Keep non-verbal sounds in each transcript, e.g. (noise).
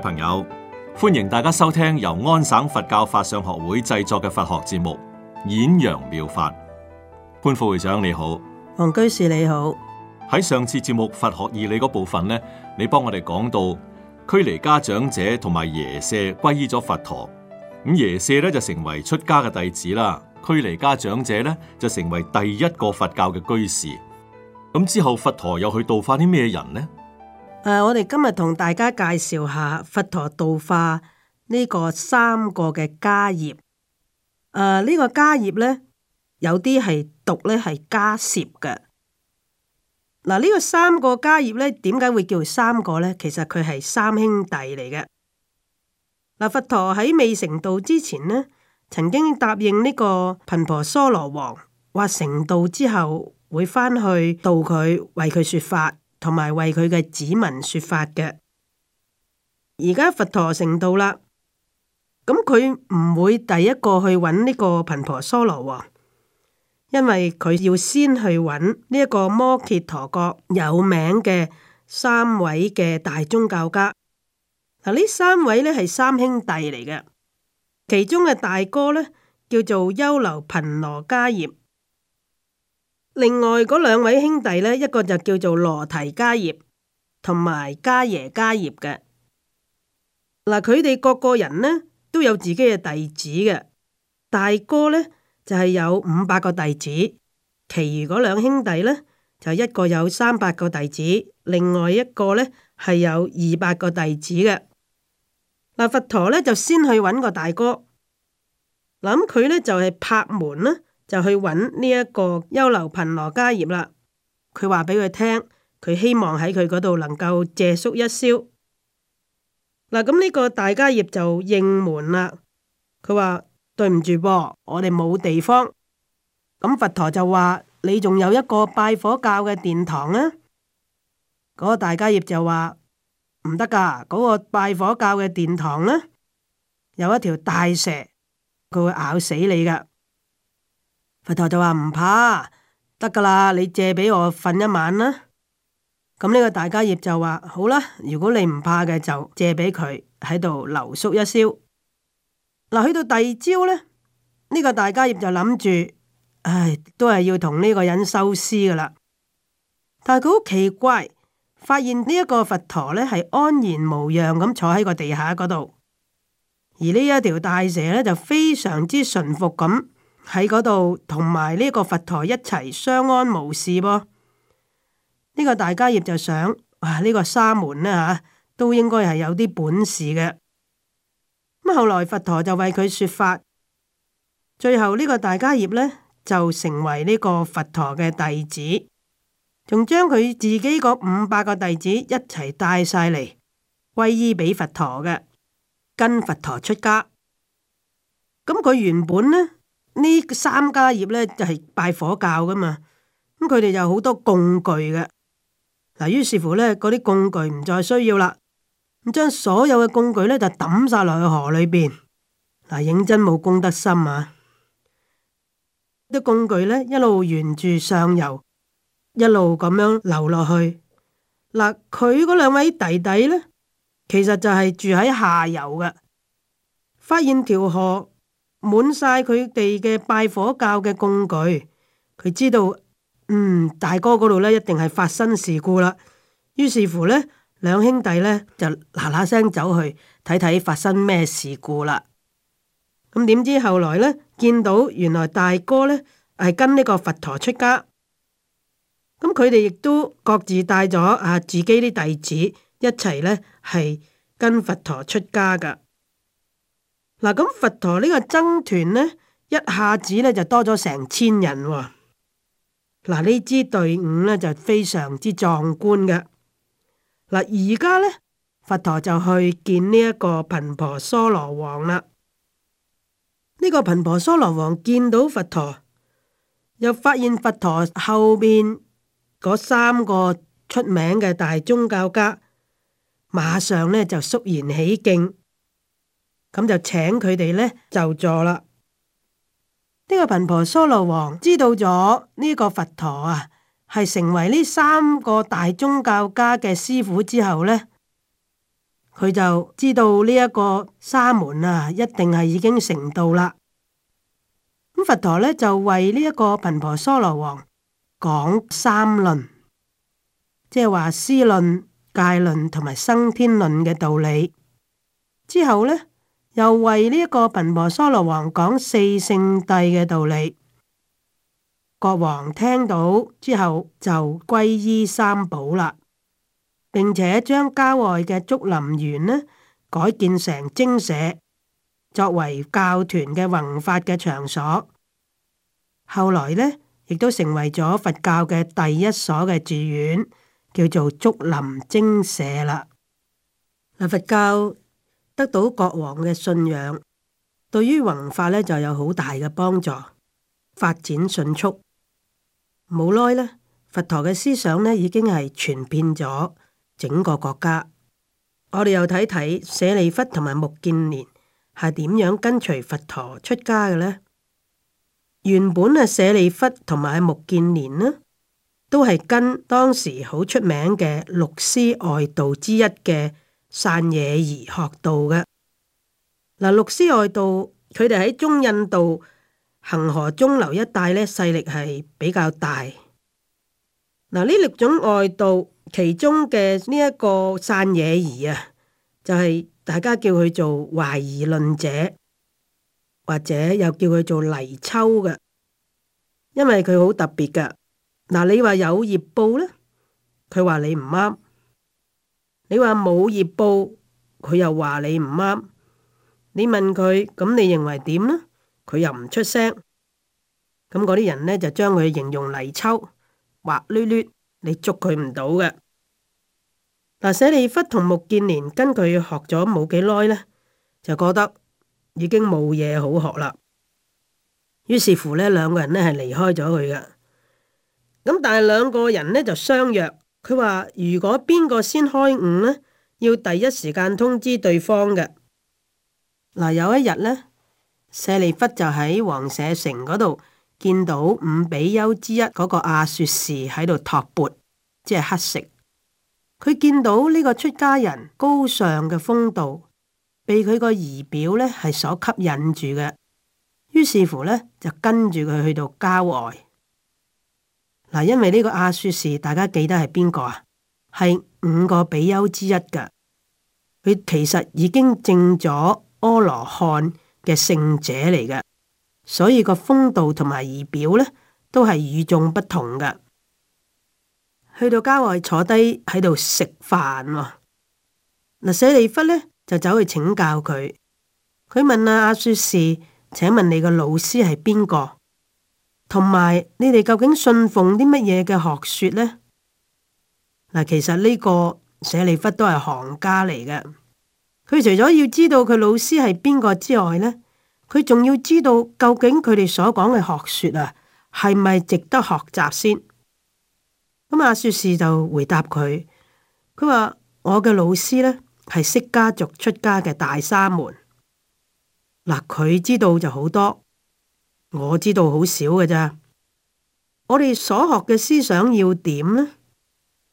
朋友，歡迎大家收聽由安省佛教法相學會製作嘅佛學節目《演揚妙，妙法》。潘副會長你好，王居士你好。喺上次節目佛學義理嗰部分呢，你幫我哋講到驅離家長者同埋耶舍皈依咗佛陀，咁耶舍咧就成為出家嘅弟子啦，驅離家長者咧就成為第一個佛教嘅居士。咁之後佛陀又去度化啲咩人呢？誒、呃，我哋今日同大家介紹下佛陀度化呢個三個嘅迦葉。誒、呃，呢、這個迦葉呢，有啲係讀呢係迦葉嘅。嗱，呢、呃這個三個迦葉呢，點解會叫三個呢？其實佢係三兄弟嚟嘅。嗱、呃，佛陀喺未成道之前呢，曾經答應呢個頻婆娑羅王，話成道之後會翻去度佢，為佢說法。同埋為佢嘅子民說法嘅。而家佛陀成道啦，咁佢唔會第一個去揾呢個頻婆娑羅王，因為佢要先去揾呢一個摩羯陀國有名嘅三位嘅大宗教家。嗱，呢三位呢係三兄弟嚟嘅，其中嘅大哥呢叫做優樓頻羅迦葉。另外嗰兩位兄弟呢，一個就叫做羅提迦葉，同埋迦耶迦葉嘅。嗱，佢哋各個人呢都有自己嘅弟子嘅。大哥呢，就係有五百個弟子，其餘嗰兩兄弟呢，就一個有三百個弟子，另外一個呢，係有二百個弟子嘅。嗱，佛陀呢，就先去搵個大哥，嗱，佢呢，就係拍門啦。就去揾呢一個優樓頻螺迦葉啦，佢話俾佢聽，佢希望喺佢嗰度能夠借宿一宵。嗱，咁呢個大迦葉就應門啦，佢話對唔住噃，我哋冇地方。咁佛陀就話你仲有一個拜火教嘅殿堂啊，嗰個大迦葉就話唔得噶，嗰個拜火教嘅殿堂呢，有一條大蛇，佢會咬死你噶。佛陀就話唔怕，得噶啦，你借俾我瞓一晚啦。咁呢個大迦葉就話好啦，如果你唔怕嘅就借俾佢喺度留宿一宵。嗱，去到第二朝呢，呢個大迦葉就諗住，唉，都係要同呢個人收屍噶啦。但係佢好奇怪，發現呢一個佛陀呢係安然無恙咁坐喺個地下嗰度，而呢一條大蛇呢就非常之馴服咁。喺嗰度同埋呢個佛陀一齊相安無事噃。呢、這個大迦葉就想，哇！呢、這個沙門咧、啊、吓，都應該係有啲本事嘅。咁後來佛陀就為佢說法，最後呢個大迦葉呢，就成為呢個佛陀嘅弟子，仲將佢自己個五百個弟子一齊帶晒嚟，皈依俾佛陀嘅跟佛陀出家。咁佢原本呢。呢三家業呢就係、是、拜火教噶嘛，咁佢哋就好多工具嘅，嗱於是乎呢，嗰啲工具唔再需要啦，咁將所有嘅工具呢就抌晒落去河裏邊，嗱認真冇公德心啊！啲工具呢一路沿住上游，一路咁樣流落去。嗱佢嗰兩位弟弟呢，其實就係住喺下游嘅，發現條河，滿晒佢哋嘅拜火教嘅工具，佢知道，嗯，大哥嗰度咧一定係發生事故啦。於是乎咧，兩兄弟咧就嗱嗱聲走去睇睇發生咩事故啦。咁點知後來呢，見到原來大哥呢係跟呢個佛陀出家，咁佢哋亦都各自帶咗啊自己啲弟子一齊呢，係跟佛陀出家噶。嗱，咁佛陀呢個僧團呢，一下子呢就多咗成千人，哦。嗱、啊，呢支隊伍呢就非常之壯觀嘅。嗱、啊，而家呢，佛陀就去見呢一個頻婆娑羅，羅王啦。呢個頻婆娑羅，羅王見到佛陀，又發現佛陀後邊嗰三個出名嘅大宗教家，馬上呢就肅然起敬。咁就請佢哋呢就座啦。呢個頻婆娑羅王知道咗呢個佛陀啊，係成為呢三個大宗教家嘅師傅之後呢，佢就知道呢一個沙門啊，一定係已經成道啦。咁佛陀呢就為呢一個頻婆娑羅王講三論，即係話思論、戒論同埋生天論嘅道理之後呢。又為呢一個頻婆娑羅王講四聖諦嘅道理，國王聽到之後就皈依三寶啦，並且將郊外嘅竹林園呢改建成精舍，作為教團嘅弘法嘅場所。後來呢，亦都成為咗佛教嘅第一所嘅寺院，叫做竹林精舍啦。佛教。得到國王嘅信仰，對於弘法咧就有好大嘅幫助，發展迅速。冇耐咧，佛陀嘅思想咧已經係傳遍咗整個國家。我哋又睇睇舍利弗同埋目犍連係點樣跟隨佛陀出家嘅呢？原本啊，舍利弗同埋目犍連呢，都係跟當時好出名嘅六師外道之一嘅。散野兒學道嘅嗱，六、啊、師外道，佢哋喺中印度恒河中流一帶咧，勢力係比較大。嗱、啊，呢六種外道，其中嘅呢一個散野兒啊，就係、是、大家叫佢做懷疑論者，或者又叫佢做泥鰍嘅，因為佢好特別噶。嗱、啊，你話有業報呢？佢話你唔啱。你話冇業報，佢又話你唔啱。你問佢，咁你認為點呢？佢又唔出聲。咁嗰啲人呢，就將佢形容泥鰍滑捋捋，你捉佢唔到嘅。嗱，舍利弗同目犍連跟佢學咗冇幾耐呢，就覺得已經冇嘢好學啦。於是乎呢，兩個人呢係離開咗佢噶。咁但係兩個人呢，就相約。佢話：如果邊個先開悟呢，要第一時間通知對方嘅。嗱，呃，有一日呢，舍利弗就喺王舍城嗰度見到五比丘之一嗰個阿雪士喺度托缽，即係乞食。佢見到呢個出家人高尚嘅風度，被佢個儀表呢係所吸引住嘅，於是乎呢，就跟住佢去到郊外。嗱，因為呢個阿說士，大家記得係邊個啊？係五個比丘之一嘅，佢其實已經證咗阿羅漢嘅聖者嚟嘅，所以個風度同埋儀表咧，都係與眾不同嘅。去到郊外坐低喺度食飯喎，啊，嗱，舍利弗咧就走去請教佢，佢問啊阿說士，請問你個老師係邊個？同埋，你哋究竟信奉啲乜嘢嘅學說呢？嗱，其實呢個舍利弗都係行家嚟嘅。佢除咗要知道佢老師係邊個之外呢，佢仲要知道究竟佢哋所講嘅學說啊，係咪值得學習先？咁、嗯、阿說示就回答佢，佢話我嘅老師呢，係釋迦族出家嘅大沙門，嗱、嗯、佢知道就好多。我知道好少嘅咋，我哋所學嘅思想要點呢？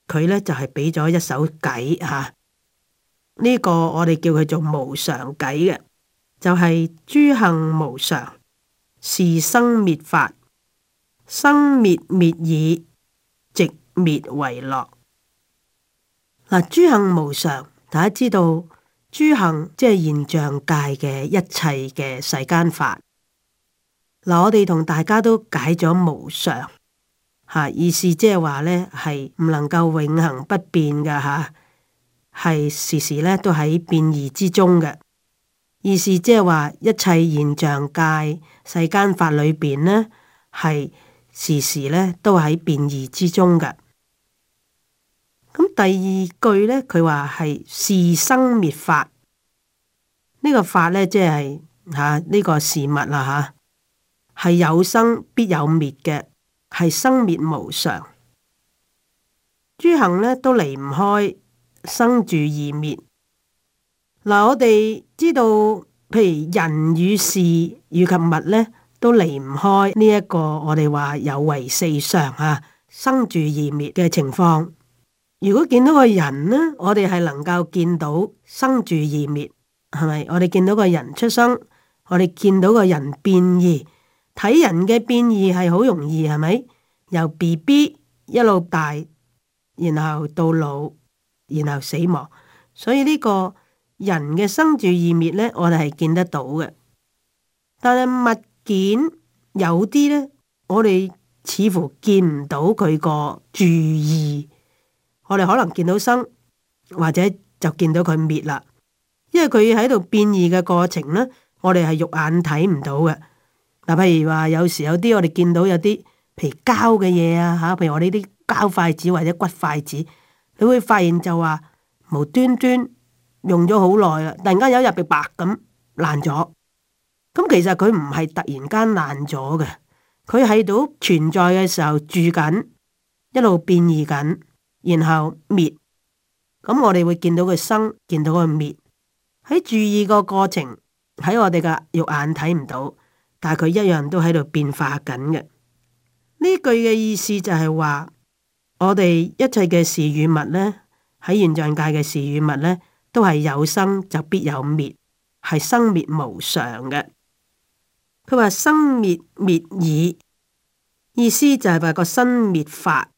佢呢就係畀咗一首偈吓，呢、啊這個我哋叫佢做無常偈嘅，就係、是、諸行無常，是生滅法，生滅滅已，寂滅為樂。嗱、啊，諸行無常，大家知道諸行即係現象界嘅一切嘅世間法。嗱，我哋同大家都解咗無常，嚇，意思即係話呢係唔能夠永恆不變嘅嚇，係時時呢都喺變異之中嘅。意思即係話一切現象界、世間法裏邊呢係時時呢都喺變異之中嘅。咁第二句呢，佢話係是生滅法，呢、這個法呢即係嚇呢個事物啦嚇。係有生必有滅嘅，係生滅無常。諸行咧都離唔開生住異滅。嗱、嗯，我哋知道，譬如人與事與及物咧，都離唔開呢、這、一個我哋話有為四常啊，生住異滅嘅情況。如果見到個人呢，我哋係能夠見到生住異滅，係咪？我哋見到個人出生，我哋見到個人變異。睇人嘅變異係好容易，係咪？由 B B 一路大，然後到老，然後死亡。所以呢個人嘅生住異滅咧，我哋係見得到嘅。但係物件有啲咧，我哋似乎見唔到佢個住異，我哋可能見到生，或者就見到佢滅啦。因為佢喺度變異嘅過程咧，我哋係肉眼睇唔到嘅。嗱，譬如話，有時有啲我哋見到有啲皮膠嘅嘢啊，吓、啊，譬如我呢啲膠筷子或者骨筷子，你會發現就話無端端用咗好耐啦，突然間有一日白咁爛咗。咁其實佢唔係突然間爛咗嘅，佢喺度存在嘅時候住緊，一路變異緊，然後滅。咁我哋會見到佢生，見到佢滅，喺注意個過程，喺我哋嘅肉眼睇唔到。但佢一樣都喺度變化緊嘅。呢句嘅意思就係話，我哋一切嘅事與物呢，喺現象界嘅事與物呢，都係有生就必有滅，係生滅無常嘅。佢話生滅滅已，意思就係話個生滅法。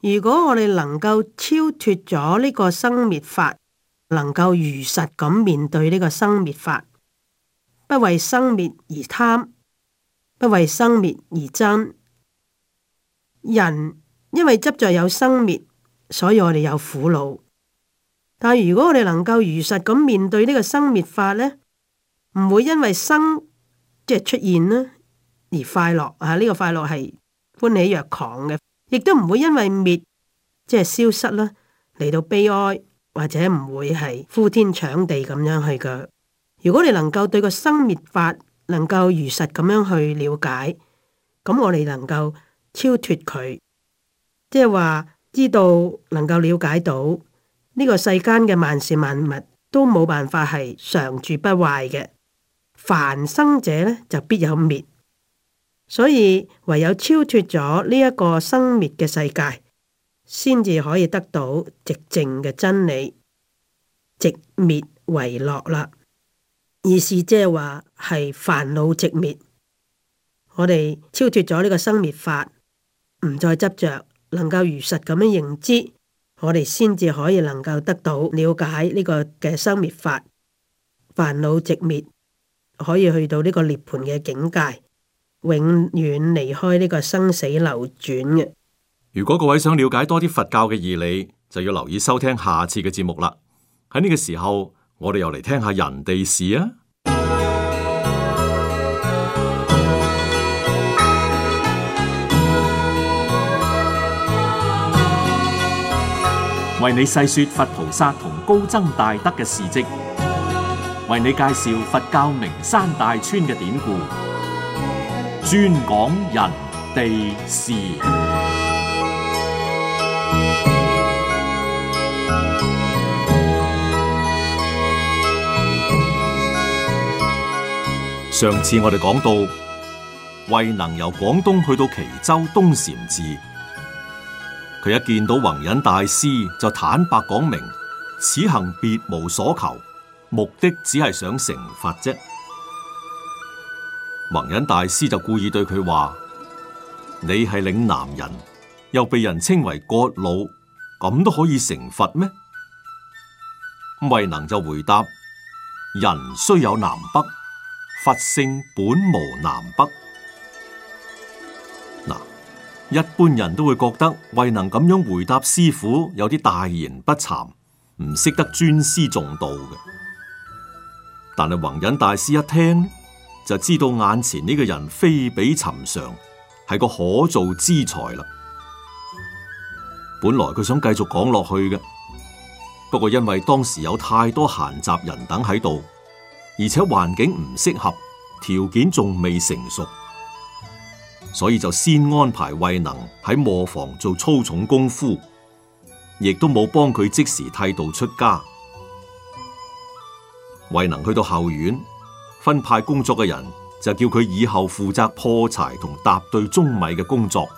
如果我哋能夠超脫咗呢個生滅法，能夠如實咁面對呢個生滅法，不為生滅而貪。不為生滅而爭，人因為執着有生滅，所以我哋有苦惱。但如果我哋能夠如實咁面對呢個生滅法呢，唔會因為生即係、就是、出現啦而快樂啊！呢、這個快樂係歡喜若狂嘅，亦都唔會因為滅即係、就是、消失啦嚟到悲哀，或者唔會係呼天搶地咁樣去嘅。如果你能夠對個生滅法，能夠如實咁樣去了解，咁我哋能夠超脱佢，即係話知道能夠了解到呢個世間嘅萬事萬物都冇辦法係常住不壞嘅，凡生者呢，就必有滅，所以唯有超脱咗呢一個生滅嘅世界，先至可以得到直正嘅真理，直滅為樂啦。意思即係話係煩惱寂滅，我哋超脫咗呢個生滅法，唔再執着，能夠如實咁樣認知，我哋先至可以能夠得到了解呢個嘅生滅法，煩惱寂滅，可以去到呢個涅槃嘅境界，永遠離開呢個生死流轉嘅。如果各位想了解多啲佛教嘅義理，就要留意收聽下次嘅節目啦。喺呢個時候。我哋又嚟聽下人地事啊！為你細說佛菩薩同高僧大德嘅事跡，為你介紹佛教名山大川嘅典故，專講人地事。上次我哋講到，慧能由廣東去到蘄州東禪寺，佢一見到弘忍大師就坦白講明，此行別無所求，目的只係想成佛啫。弘忍大師就故意對佢話：你係嶺南人，又被人稱為獦獠，咁都可以成佛咩？慧能就回答：人雖有南北。佛性本無南北，嗱，一般人都會覺得慧能咁樣回答師傅，有啲大言不慚，唔識得尊師重道嘅。但係弘忍大師一聽，就知道眼前呢個人非比尋常，係個可造之才啦。本來佢想繼續講落去嘅，不過因為當時有太多閒雜人等喺度。而且環境唔適合，條件仲未成熟，所以就先安排慧能喺磨房做粗重功夫，亦都冇幫佢即時剃度出家。慧能去到後院分派工作嘅人，就叫佢以後負責破柴同踏碓舂米嘅工作。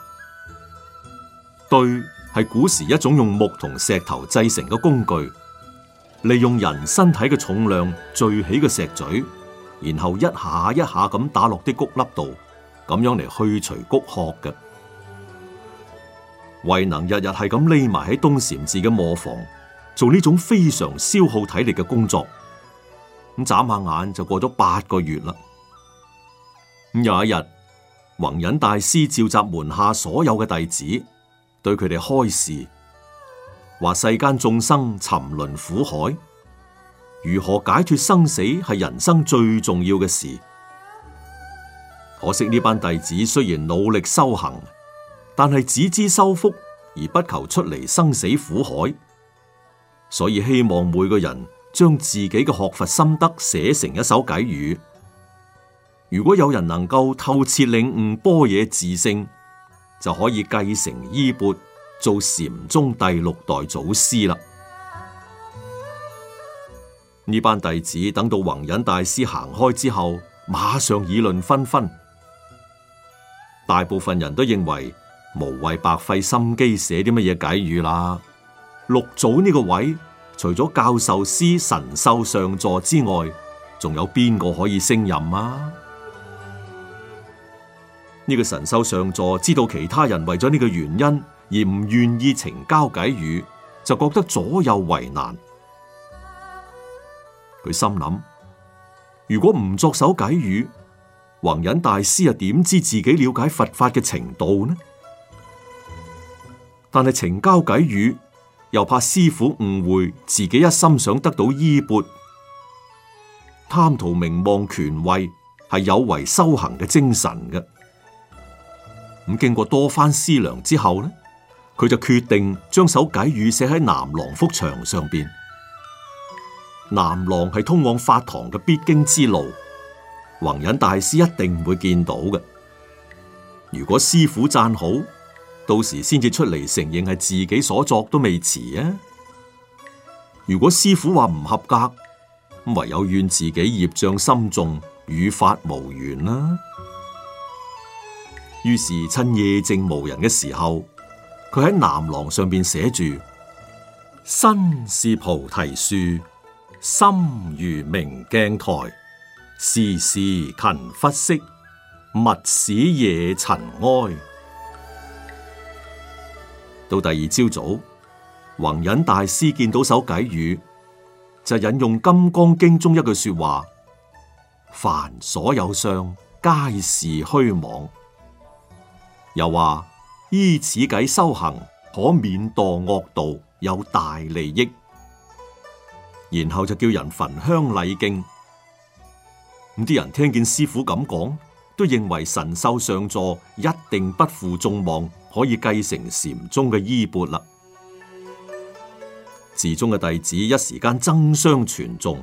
碓係古時一種用木同石頭製成嘅工具。.利用人身體嘅重量聚起嘅石嘴，然後一下一下咁打落啲谷粒度，咁樣嚟去除谷殼嘅。慧能日日係咁匿埋喺東禪寺嘅磨房做呢種非常消耗體力嘅工作，咁眨下眼就過咗八個月啦。有一日，弘忍大師召集門下所有嘅弟子，對佢哋開示。話世間眾生沉淪苦海，如何解脱生死係人生最重要嘅事。可惜呢班弟子雖然努力修行，但係只知修福，而不求出離生死苦海。所以希望每個人將自己嘅學佛心得寫成一首偈語。如果有人能夠透徹領悟般若自性，就可以繼承衣鉢。做禪宗第六代祖師啦。呢班弟子等到弘忍大師行開之後，馬上議論紛紛。大部分人都認為無謂白費心機寫啲乜嘢偈語啦。六祖呢個位除咗教授師神秀上座之外，仲有邊個可以升任啊？呢個神秀上座知道其他人為咗呢個原因。而唔願意呈交偈語，就覺得左右為難。佢心諗：如果唔作首偈語，弘忍大師又點知自己了解佛法嘅程度呢？但係呈交偈語，又怕師父誤會自己一心想得到衣缽，貪圖名望權位，係有違修行嘅精神嘅。咁經過多番思量之後呢？佢就決定將手偈語寫喺南廊幅牆上邊。南廊係通往法堂嘅必經之路，弘忍大師一定會見到嘅。如果師父讚好，到時先至出嚟承認係自己所作都未遲啊。如果師父話唔合格，咁唯有怨自己業障深重，與法無緣啦、啊。於是趁夜靜無人嘅時候。佢喺南廊上面寫住：身是菩提樹，心如明鏡台，時時勤拂拭，勿使惹塵埃。到第二朝早，早，弘忍大師見到首偈語，就引用《金剛經》中一句說話：凡所有相，皆是虛妄。又話。依此偈修行，可免墮惡道，有大利益。然後就叫人焚香禮敬。咁啲人聽見師父咁講，都認為神秀上座一定不負眾望，可以繼承禪宗嘅衣缽啦。寺中嘅弟子一時間爭相傳誦，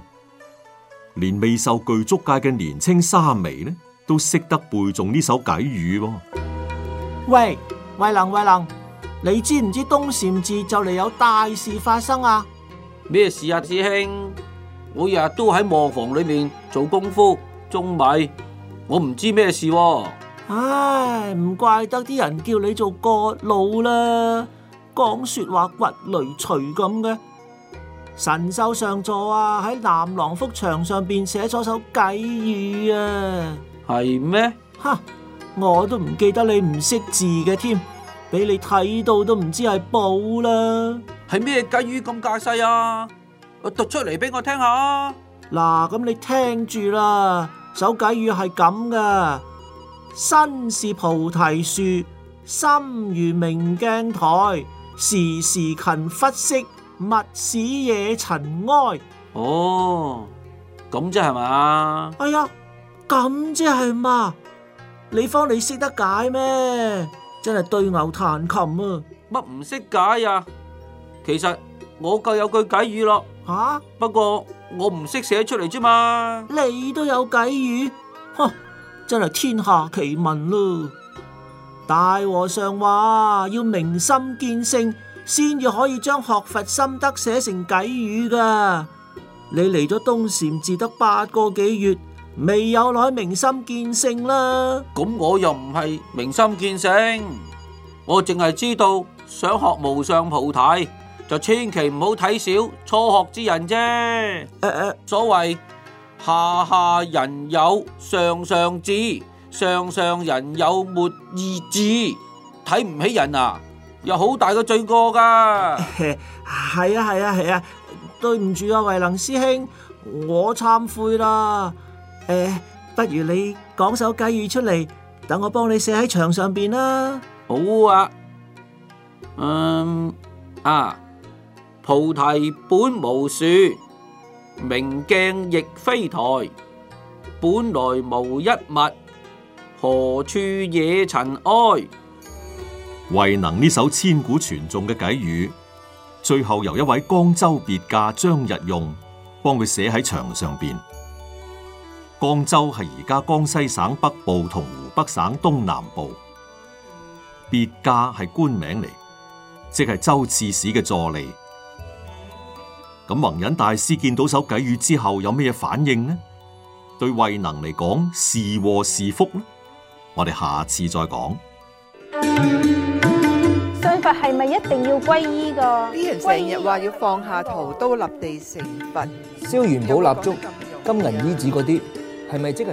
連未受具足戒嘅年青沙彌呢，都識得背誦呢首偈語喎。喂！慧能，慧能，你知唔知東禪寺就嚟有大事發生啊？咩事啊，師兄？我日日都喺磨房裏面做功夫舂米，我唔知咩事喎。唉，唔怪得啲人叫你做獦獠啦，講說話掘雷錘咁嘅。神秀上座啊，喺南廊幅牆上邊寫咗首偈語啊。係咩嗎？吓！我都唔記得你唔識字嘅添，俾你睇到都唔知係寶啦。係咩偈語咁架勢啊？讀出嚟俾我聽下。嗱，咁你聽住啦。首偈語係咁噶，身是菩提樹，心如明鏡台，時時勤拂拭，勿使惹塵埃。哦，咁即係嘛？哎呀，咁即係嘛？你方你識得解咩？真係對牛彈琴啊！乜唔識解啊？其實我夠有句偈語咯、啊，吓、啊！不過我唔識寫出嚟咋嘛。你都有偈語，哼！真係天下奇聞咯！大和尚話要明心見性，先至可以將學佛心得寫成偈語噶。你嚟咗東禪寺至得八個幾月？未有耐明心見性啦，咁、嗯、我又唔係明心見性，我淨係知道想學無上菩提就千祈唔好睇小初學之人啫。呃呃、所謂下下人有上上智，上上人有沒意智」，睇唔起人啊，有好大個罪過噶。係 (laughs) 啊係啊係啊，啊，對唔住啊，慧能師兄，我懺悔啦。誒，不如你講首偈語出嚟，等我幫你寫喺牆上邊啦。好啊，嗯啊，菩提本無樹，明鏡亦非台，本來無一物，何處惹塵埃？慧能呢首千古傳頌嘅偈語，最後由一位江州別駕張日用幫佢寫喺牆上邊。江州係而家江西省北部同湖北省東南部，別駕係官名嚟，即係州刺史嘅助理。咁弘忍大師見到首偈語之後有咩反應呢？對慧能嚟講是禍是福呢？我哋下次再講。信佛係咪一定要皈依噶？啲人成日話要放下屠刀立地成佛，燒元寶蠟燭、金,金銀衣紙嗰啲。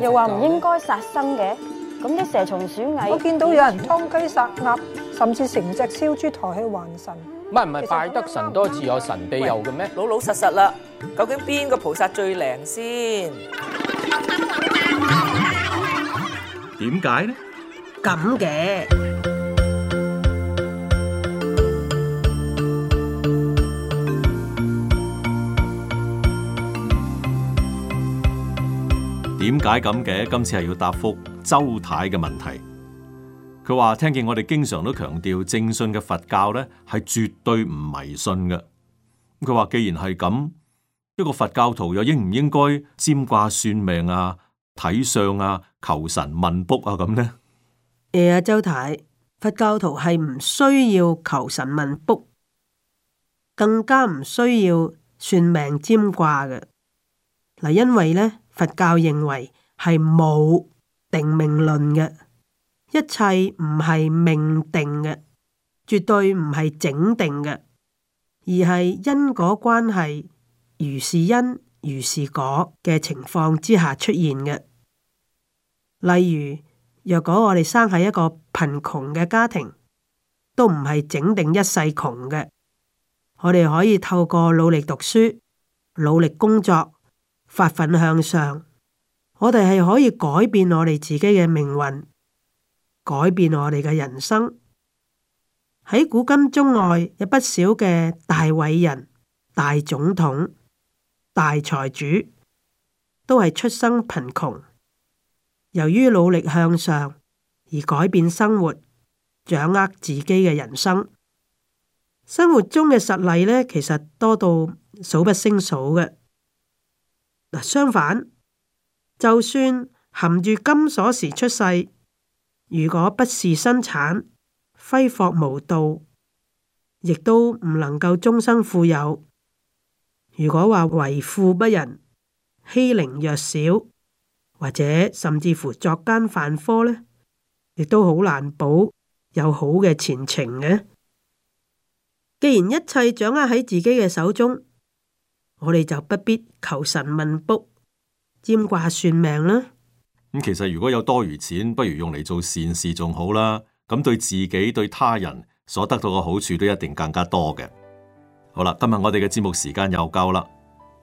又話唔應該殺生嘅，咁啲蛇蟲鼠蟻，我見到有人劏雞殺鴨，甚至成隻燒豬抬去還神，乜唔係拜得神多自有神庇佑嘅咩？老老實實啦，究竟邊個菩薩最靈先？點解呢？咁嘅。點解咁嘅？今次係要答覆周太嘅問題。佢話聽見我哋經常都強調正信嘅佛教咧，係絕對唔迷信嘅。咁佢話既然係咁，一個佛教徒又應唔應該占卦、算命啊、睇相啊、求神問卜啊咁咧？誒啊，周太，佛教徒係唔需要求神問卜，更加唔需要算命占卦嘅。嗱，因為咧。佛教認為係冇定命論嘅，一切唔係命定嘅，絕對唔係整定嘅，而係因果關係，如是因，如是果嘅情況之下出現嘅。例如，若果我哋生喺一個貧窮嘅家庭，都唔係整定一世窮嘅，我哋可以透過努力讀書、努力工作，發奮向上，我哋係可以改變我哋自己嘅命運，改變我哋嘅人生。喺古今中外，有不少嘅大偉人、大總統、大財主，都係出生貧窮，由於努力向上而改變生活，掌握自己嘅人生。生活中嘅實例呢，其實多到數不勝數嘅。嗱，相反，就算含住金鎖匙出世，如果不是生產揮霍無度，亦都唔能夠終生富有。如果話為富不仁、欺凌弱小，或者甚至乎作奸犯科呢，亦都好難保有好嘅前程嘅。既然一切掌握喺自己嘅手中。我哋就不必求神問卜、占卦算命啦。咁、嗯、其實如果有多餘錢，不如用嚟做善事仲好啦。咁對自己對他人所得到嘅好處都一定更加多嘅。好啦，今日我哋嘅節目時間又夠啦。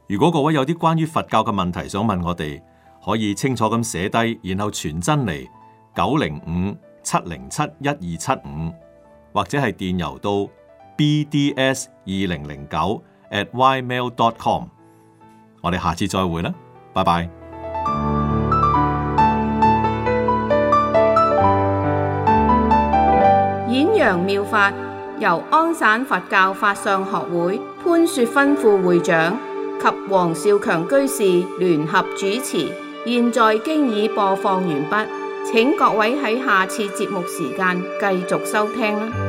如果各位有啲關於佛教嘅問題想問我哋，可以清楚咁寫低，然後傳真嚟九零五七零七一二七五，75, 或者係電郵到 bds 二零零九 at ymail dot com，我哋下次再會啦，拜拜。演揚妙法由安省佛教法相學會潘雪芬副會長及黃少強居士聯合主持，現在經已播放完畢，請各位喺下次節目時間繼續收聽啦。